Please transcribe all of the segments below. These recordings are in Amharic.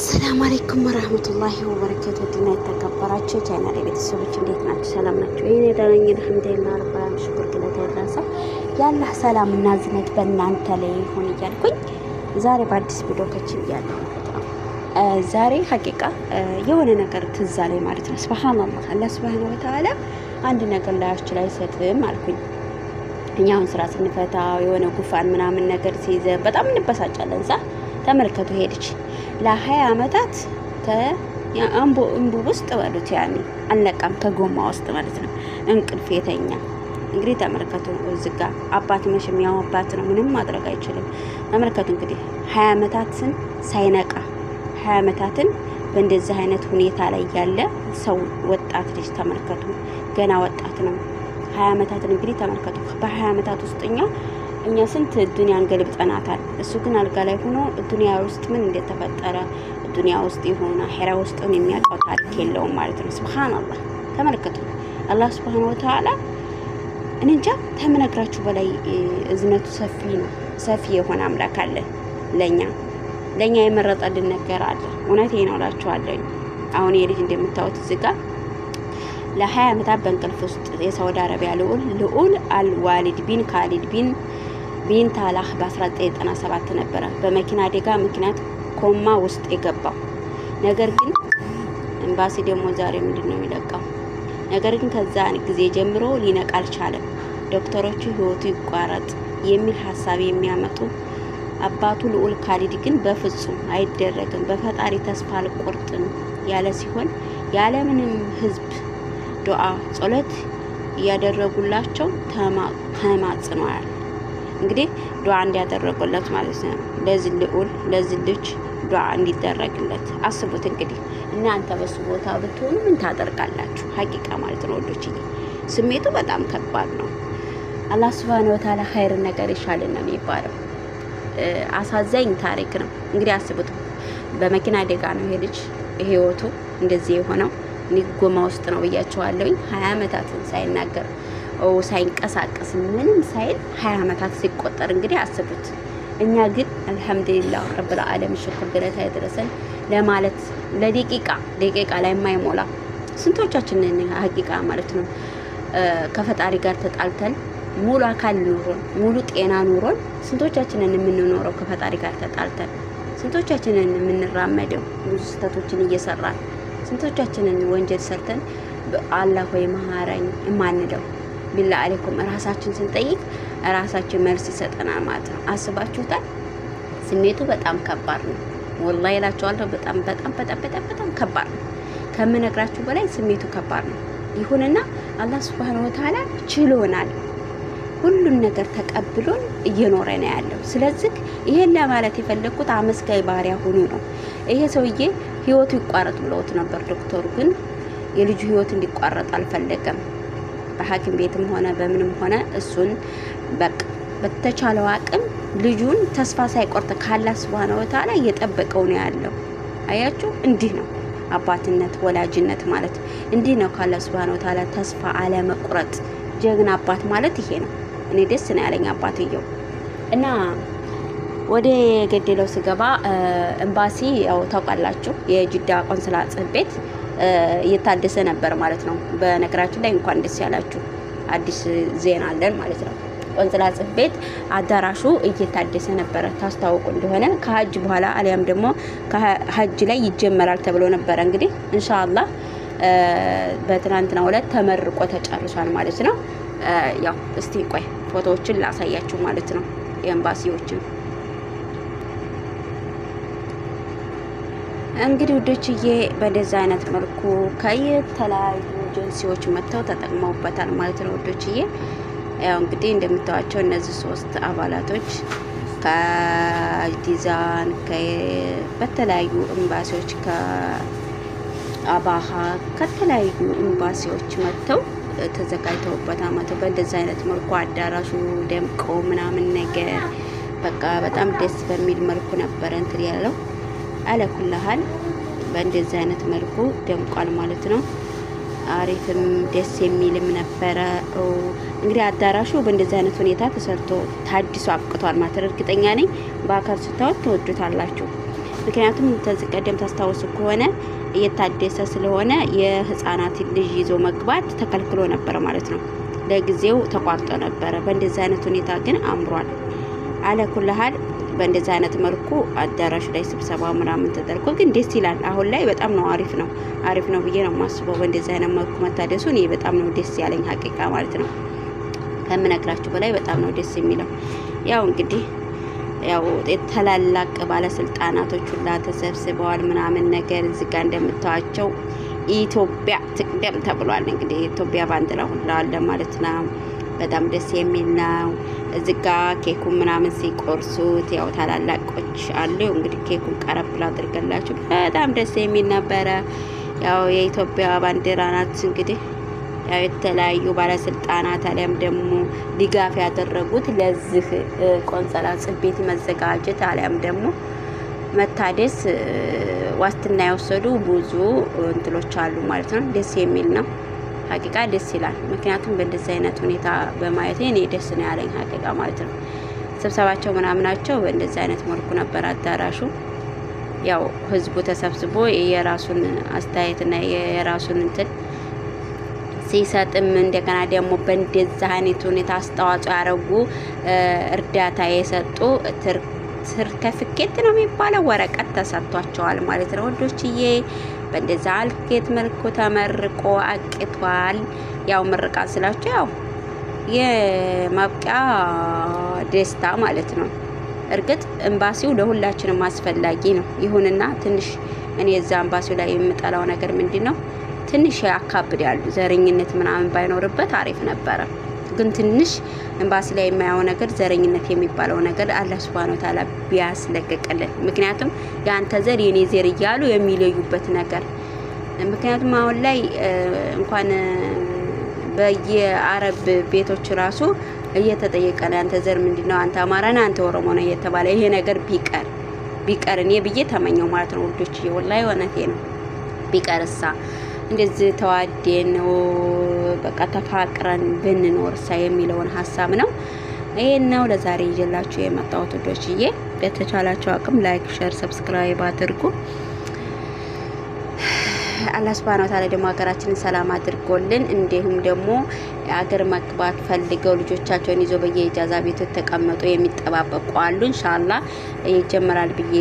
አሰላሙ አለይኩም ወረህመቱላሂ ወበረካቱ። ድና የተከበራችሁ የቻይና ቤተሰቦች እንዴት ናቸው? ሰላም ናቸው? ይህን የደረኝ አልሐምዱሊላህ ረብላን ሽኩር ግለት ያደረሰ ያላህ ሰላም እና ዝነት በእናንተ ላይ ይሁን እያልኩኝ ዛሬ በአዲስ ቪዲዮ ከች ብያለሁ ማለት ነው። ዛሬ ሀቂቃ የሆነ ነገር ትዝ አለኝ ማለት ነው። ስብሓንላህ አላህ ስብሓን ወተዓላ አንድ ነገር ላያችሁ ላይ አይሰጥም አልኩኝ። እኛ አሁን ስራ ስንፈታ የሆነ ጉፋን ምናምን ነገር ሲይዘ በጣም እንበሳጫለን። ዛ ተመልከቱ ሄደች ለ20 ዓመታት አምቦ እምቡብ ውስጥ በሉት ያኔ አልነቃም፣ ከጎማ ውስጥ ማለት ነው። እንቅልፍ የተኛ እንግዲህ ተመልከቱ። እዚህ ጋ አባት መቼም ያው አባት ነው፣ ምንም ማድረግ አይችልም። ተመልከቱ እንግዲህ 20 ዓመታትን ሳይነቃ 20 ዓመታትን በእንደዚህ አይነት ሁኔታ ላይ ያለ ሰው ወጣት ልጅ ተመልከቱ፣ ገና ወጣት ነው። 20 ዓመታትን እንግዲህ ተመልከቱ በሀያ ዓመታት ውስጥ እኛ ስንት ዱኒያን ገልብጠናታል። እሱ ግን አልጋ ላይ ሆኖ ዱኒያ ውስጥ ምን እንደተፈጠረ ዱኒያ ውስጥ የሆነ ሄራ ውስጥም የሚያውቀው ታሪክ የለውም ማለት ነው። ስብሓንላህ አላህ ተመልከቱ። አላህ ስብሓን ወተዓላ እንጃ ተምነግራችሁ በላይ እዝነቱ ሰፊ ነው። ሰፊ የሆነ አምላክ አለ ለእኛ ለእኛ የመረጠልን ነገር አለ። እውነት ነው እላችኋለሁ። አሁን የልጅ እንደምታወት እንደምታዩት ጋር ዓመታት በእንቅልፍ ውስጥ የሳውዲ አረቢያ ልዑል ልዑል አልዋሊድ ቢን ካሊድ ቢን ቢንታላህ በ1997 ነበረ በመኪና አደጋ ምክንያት ኮማ ውስጥ የገባው። ነገር ግን ኤምባሲ ደግሞ ዛሬ ምንድን ነው የሚለቀው? ነገር ግን ከዛ ጊዜ ጀምሮ ሊነቃ አልቻለም። ዶክተሮቹ ህይወቱ ይቋረጥ የሚል ሀሳብ የሚያመጡ አባቱ ልዑል ካሊድ ግን በፍጹም አይደረግም፣ በፈጣሪ ተስፋ አልቆርጥም ያለ ሲሆን ያለምንም ህዝብ ዱዓ ጸሎት እያደረጉላቸው ተማጽነዋል። እንግዲህ ዱዓ እንዲያደረጉለት ማለት ነው። ለዚህ ልዑል ለዚህ ልጅ ዱዓ እንዲደረግለት አስቡት። እንግዲህ እናንተ በሱ ቦታ ብትሆኑ ምን ታደርጋላችሁ? ሀቂቃ ማለት ነው ወዶች፣ ስሜቱ በጣም ከባድ ነው። አላህ ስብሃነ ወተዓላ ኸይር ነገር ይሻልን ነው የሚባለው። አሳዛኝ ታሪክ ነው እንግዲህ አስቡት። በመኪና አደጋ ነው ይሄ ልጅ ህይወቱ እንደዚህ የሆነው። እኔ ጎማ ውስጥ ነው ብያቸዋለሁኝ። ሀያ አመታትን ሳይናገር ሳይንቀሳቀስ ምንም ሳይል ሀያ ዓመታት ሲቆጠር እንግዲህ አስቡት። እኛ ግን አልሐምዱሊላህ ረብል ዓለም ሽኩር ብለታ የደረሰን ለማለት ለደቂቃ ደቂቃ ላይ የማይሞላ ስንቶቻችንን ሀቂቃ ማለት ነው ከፈጣሪ ጋር ተጣልተን ሙሉ አካል ኑሮን ሙሉ ጤና ኑሮን ስንቶቻችንን የምንኖረው ከፈጣሪ ጋር ተጣልተን ስንቶቻችንን የምንራመደው ብዙ ስህተቶችን እየሰራን ስንቶቻችንን ወንጀል ሰርተን አላህ ወይ መሐረኝ እማንለው ቢላ አሌኩም ራሳችን ስንጠይቅ ራሳችን መልስ ይሰጠናል ማለት ነው። አስባችሁታል? ስሜቱ በጣም ከባድ ነው። ወላሂ እላቸዋለሁ። በጣም በጣም በጣም በጣም በጣም ከባድ ነው። ከምነግራችሁ በላይ ስሜቱ ከባድ ነው። ይሁንና አላህ ሱብሃነሁ ወተዓላ ችሎናል። ሁሉን ነገር ተቀብሎን እየኖረ ነው ያለው። ስለዚህ ይሄን ለማለት የፈለግኩት አመስጋይ ባህሪያ ሆኑ ነው። ይሄ ሰውዬ ህይወቱ ይቋረጥ ብለውት ነበር ዶክተሩ፣ ግን የልጁ ህይወት እንዲቋረጥ አልፈለገም። በሐኪም ቤትም ሆነ በምንም ሆነ እሱን በቃ በተቻለው አቅም ልጁን ተስፋ ሳይቆርጥ ካላህ ሱብሃነሁ ወተዓላ እየጠበቀው ነው ያለው። አያችሁ፣ እንዲህ ነው አባትነት ወላጅነት ማለት እንዲህ ነው። ካላህ ሱብሃነሁ ወተዓላ ተስፋ አለመቁረጥ ጀግና አባት ማለት ይሄ ነው። እኔ ደስ ነው ያለኝ አባትየው እና ወደ ገደለው ስገባ ኤምባሲ ያው ታውቃላችሁ የጅዳ ቆንስላ ጽሕፈት ቤት እየታደሰ ነበር ማለት ነው። በነገራችን ላይ እንኳን ደስ ያላችሁ አዲስ ዜና አለን ማለት ነው። ቆንስላ ቤት አዳራሹ እየታደሰ ነበረ። ታስታውቁ እንደሆነ ከሀጅ በኋላ አሊያም ደግሞ ከሀጅ ላይ ይጀመራል ተብሎ ነበረ። እንግዲህ እንሻአላህ በትናንትናው ዕለት ተመርቆ ተጨርሷል ማለት ነው። ያው እስቲ ቆይ ፎቶዎችን ላሳያችሁ ማለት ነው የኤምባሲዎችን እንግዲህ ውዶችዬ በደዚ አይነት መልኩ ከየተለያዩ ጀንሲዎች መጥተው ተጠቅመውበታል ማለት ነው። ውዶችዬ ያው እንግዲህ እንደምታዋቸው እነዚህ ሶስት አባላቶች ከዲዛን በተለያዩ ኤምባሲዎች ከአባሃ ከተለያዩ ኤምባሲዎች መጥተው ተዘጋጅተውበት አመቱ በእንደዚህ አይነት መልኩ አዳራሹ ደምቆ ምናምን ነገር በቃ በጣም ደስ በሚል መልኩ ነበረ እንትን ያለው አለኩላሃል በእንደዚህ አይነት መልኩ ደምቋል ማለት ነው። አሪፍም ደስ የሚልም ነበረ። እንግዲህ አዳራሹ በእንደዚህ አይነት ሁኔታ ተሰርቶ ታድሶ አብቅቷል ማለት እርግጠኛ ነኝ በአካል ስታወት ትወዱታላችሁ። ምክንያቱም ከዚህ ቀደም ታስታውሱ ከሆነ እየታደሰ ስለሆነ የህፃናት ልጅ ይዞ መግባት ተከልክሎ ነበረ ማለት ነው። ለጊዜው ተቋርጦ ነበረ። በእንደዚህ አይነት ሁኔታ ግን አምሯል። ኩልሃል በእንደዚህ አይነት መልኩ አዳራሽ ላይ ስብሰባ ምናምን ተደርጎ ግን ደስ ይላል። አሁን ላይ በጣም ነው አሪፍ ነው አሪፍ ነው ብዬ ነው የማስበው። በእንደዚህ አይነት መልኩ መታደሱ እኔ በጣም ነው ደስ ያለኝ ሀቂቃ ማለት ነው። ከምነግራችሁ በላይ በጣም ነው ደስ የሚለው። ያው እንግዲህ ያው የተላላቅ ባለስልጣናቶች ሁላ ተሰብስበዋል ምናምን ነገር እዚህ ጋ እንደምታዋቸው ኢትዮጵያ ትቅደም ተብሏል። እንግዲህ ኢትዮጵያ ባንዲራ ሁላ አለ ማለት ነው። በጣም ደስ የሚል ነው። እዚህ ጋ ኬኩ ምናምን ሲቆርሱት ያው ታላላቆች አሉ እንግዲህ ኬኩን ቀረብ ብላ አድርገላችሁ በጣም ደስ የሚል ነበረ። ያው የኢትዮጵያ ባንዲራ ናት እንግዲህ ያው የተለያዩ ባለስልጣናት አሊያም ደግሞ ድጋፍ ያደረጉት ለዚህ ቆንጸላ ጽቤት መዘጋጀት አሊያም ደግሞ መታደስ ዋስትና የወሰዱ ብዙ እንትሎች አሉ ማለት ነው። ደስ የሚል ነው። ሀቂቃ ደስ ይላል። ምክንያቱም በእንደዚህ አይነት ሁኔታ በማየቴ እኔ ደስ ነው ያለኝ ሀቂቃ ማለት ነው። ስብሰባቸው ምናምናቸው በእንደዚህ አይነት መልኩ ነበር አዳራሹ። ያው ህዝቡ ተሰብስቦ የራሱን አስተያየትና የራሱን እንትን ሲሰጥም እንደገና ደግሞ በእንደዚህ አይነት ሁኔታ አስተዋጽኦ ያደረጉ እርዳታ የሰጡ ትርከፍኬት ነው የሚባለው ወረቀት ተሰጥቷቸዋል ማለት ነው ወንዶችዬ። በእንደዛ አልኬት መልኩ ተመርቆ አቅቷል። ያው ምርቃ ስላቸው ያው የማብቂያ ደስታ ማለት ነው። እርግጥ ኤምባሲው ለሁላችንም አስፈላጊ ነው። ይሁንና ትንሽ እኔ እዛ ኤምባሲው ላይ የምጠላው ነገር ምንድን ነው? ትንሽ ያሉ ዘረኝነት ምናምን ባይኖርበት አሪፍ ነበረ። ግን ትንሽ እምባሲ ላይ የማየው ነገር ዘረኝነት የሚባለው ነገር አላህ ሱብሃነሁ ወተዓላ ቢያስለቀቀልን። ምክንያቱም የአንተ ዘር የኔ ዘር እያሉ የሚለዩበት ነገር ምክንያቱም አሁን ላይ እንኳን በየአረብ ቤቶች ራሱ እየተጠየቀ ነው አንተ ዘር ምንድን ነው አንተ አማራ ነህ አንተ ኦሮሞ ነህ እየተባለ ይሄ ነገር ቢቀር ቢቀር እኔ ብዬ ተመኘው ማለት ነው ውዶች፣ ወላሂ እውነቴ ነው። ቢቀርሳ እንደዚህ ተዋዴ ነው በቃ ተፋቅረን ብንኖርሳ የሚለውን ሀሳብ ነው። ይሄን ነው ለዛሬ ይዤላችሁ የመጣሁት ውዶችዬ። በተቻላችሁ አቅም ላይክ፣ ሸር፣ ሰብስክራይብ አድርጉ። አላህ ሱብሃነሁ ወተዓላ ደግሞ ሀገራችንን ሰላም አድርጎልን እንዲሁም ደግሞ አገር መግባት ፈልገው ልጆቻቸውን ይዞ በየኢጃዛ ቤቱ ተቀመጡ የሚጠባበቁ አሉ። እንሻላ ይጀመራል ብዬ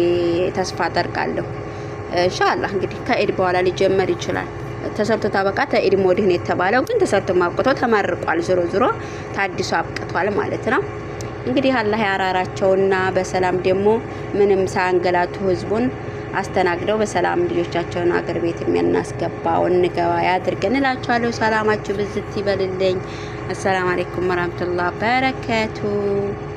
ተስፋ አደርጋለሁ። እንሻላ እንግዲህ ከኢድ በኋላ ሊጀመር ይችላል። ተሰርቶ ታበቃ ተኢድሞ ድህን የተባለው ግን ተሰርቶ ማብቅቶ ተመርቋል። ዞሮ ዞሮ ታዲሱ አብቅቷል ማለት ነው። እንግዲህ አላህ ያራራቸውና በሰላም ደግሞ ምንም ሳያንገላቱ ህዝቡን አስተናግደው በሰላም ልጆቻቸውን አገር ቤት የሚያናስገባው እንገባ ያድርገን እላችኋለሁ። ሰላማችሁ ብዝት ይበልልኝ። አሰላሙ አሌይኩም ወራህመቱላህ በረከቱ